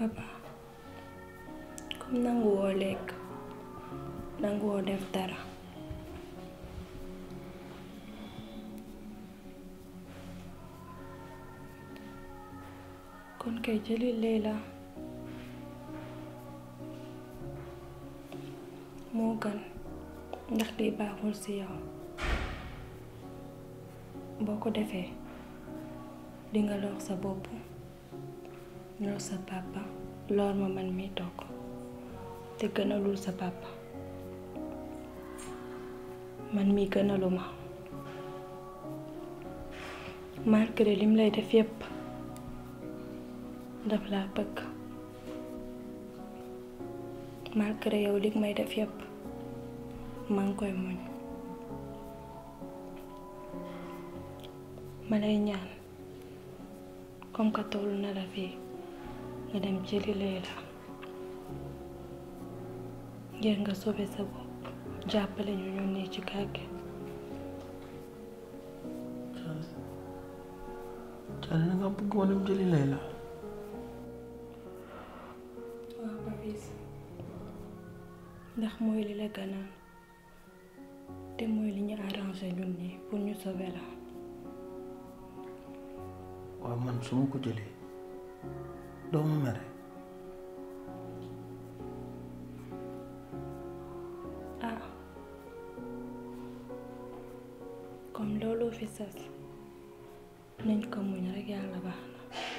papa comme nanguwoo lekk nanguwoo def dara kon kay jëli la moo gën ndax lii baaxul ci yow boo ko defee dinga lor sa bopp lor sa papa loor ma man mi toog te gënalul sa papa man mi gënaluma malgré lim lay def yépp daf laa bëgg malgré yow lig may def yépp maa ngi koy muñ ma lay ñaan comme que toll na la fii ñu dem jëli Leyla ngir nga sauver sa bopp jàppale ñu ñoom nii ci kàgge Thialy na ndax mooy li la ganaan te mooy li ñu arrangé ñun nii pour ñu sauver la waaw man su ko jëlee doo ma ah comme loolu fi sas nañ ko muñ rek yàlla baax na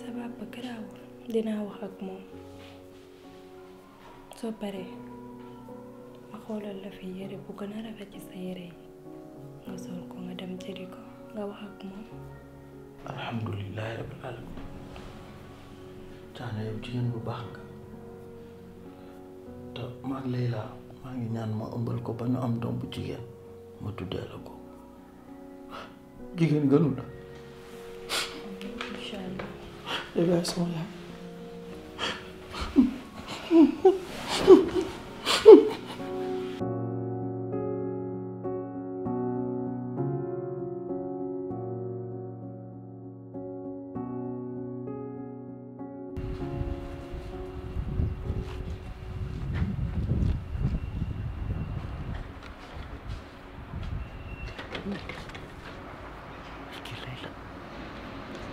sa papa garaawul dinaa wax ak moom soo paree xoolal la fi yére bu gën a rafet ci sa yére yi nga sol ko nga dem jëli ko nga wax ak moom alhamdulilahi rabbil alamin caana yow jigéen bu baax nga te maag Layla maa ngi ñaan ma ëmbal ko ba ñu am doom bu jigéen ma tuddee la ko jigéen gënu la. incha allah. Eh sama yaay.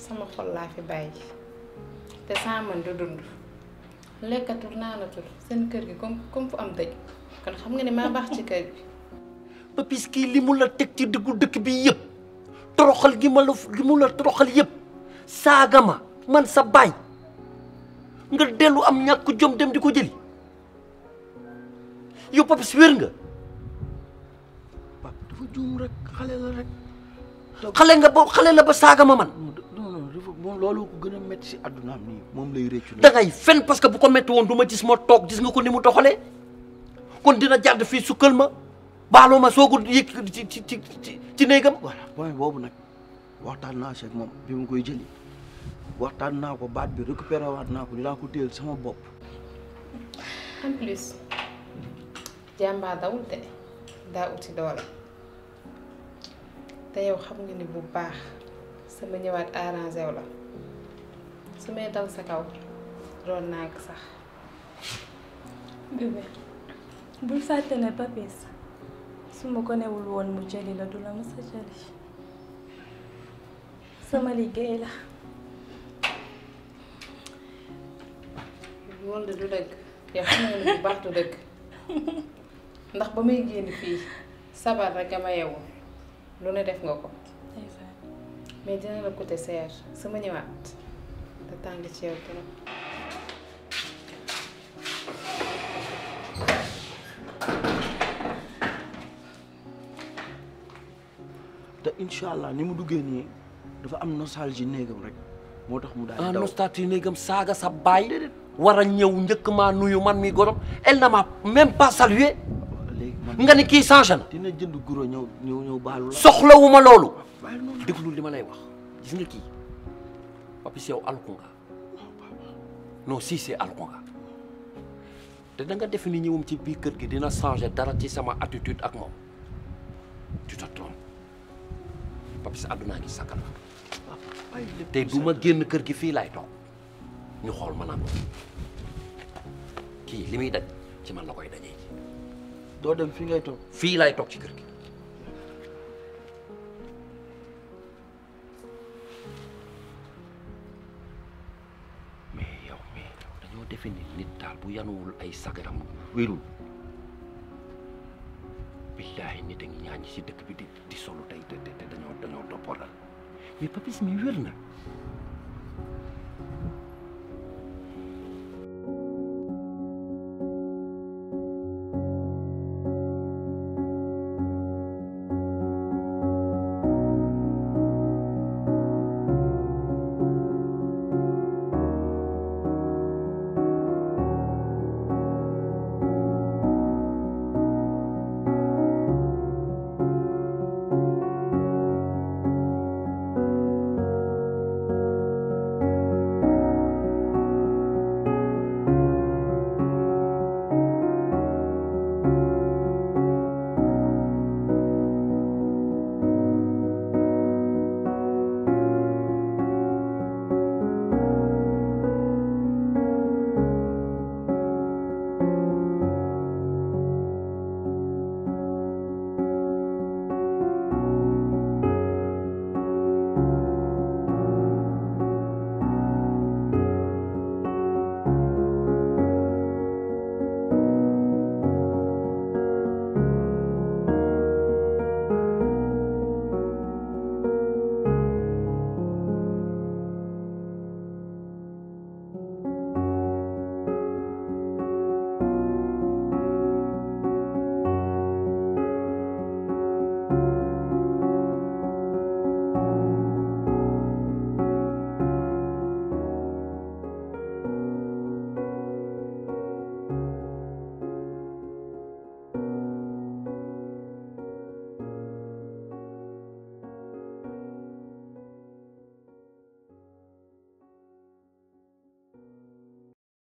sama xol laa fi bàyyi te saa man du dund lekkatul naanatul seen kër gi comme comme fu am dëj kon xam nga ne maa baax ci kër gi ba pis kii li mu la teg ci diggu dëkk bi yëpp toroxal gi ma la gi mu la toroxal yëpp saaga ma man sa baay nga dellu am ñàkk jom dem di ko jëli yow papis wér nga pap dafa juum rek xale la rek xale nga ba xale la ba saaga ma man moom loolu ko gën a métti si àddunaam nii moom lay réccu da ngay fen parce que bu ko métti woon du ma gis ma toog gis nga ko ni mu doxalee kon dina jàdd fii sukkal ma baaloo ma soogu yëg ci ci ci ci ci néegam voilà boobu nag waxtaan naa seeg moom bi mu koy jëli waxtaan naa ko baat bi récupéré waat naa ko dinaa ko téyel sama bopp en plus jàmbaa dawul de daa uti doole te yow xam nga ni bu baax sama ñëwaat arrangé wu la su may dal sa kaw doon naa ko sax. bu bul fàtte ne papis su ma ko newul woon mu jëli la du la mës a jëli sama liggéey la. loolu de du dëgg yow xam nga ne bu baax du dëgg ndax ba may génn fii sabar rek nga ma yeewu lu ne def nga ko. mais dina la coûter cher sama ñëwaat da tàng ci yow e trop. te incha allah ni mu duggee nii dafa am nostalgie néegam rek moo tax mu daal ah nostalgie néegam saaga sa baay war a ñëw njëkk ma nuyu man mi gorom elle n'a même pas salué. nga ne kii changé na. dina jënd guro ñëw ñëw ñëw baalu soxlawuma loolu. déglu li ma lay wax gis nga kii Papis yow alku nga non si alku nga te danga nga def ni ñëwum ci biir kër gi dina changé dara ci sama attitude ak moom tu te trompes Papis àdduna ngi sàkkal te du ma génn kër gi fii laay toog ñu xool ma naan kii li muy daj ci man la koy dajee. doo dem fii ngay toog. fii laay toog ci kër gi. mais yow mais dañoo defe ni nit daal bu yanuwul ay sagaram wérul billaahi nit a ngi ñaañ ci dëkk bi di di solu tey te te dañoo dañoo toppalal mais papis mi wér na.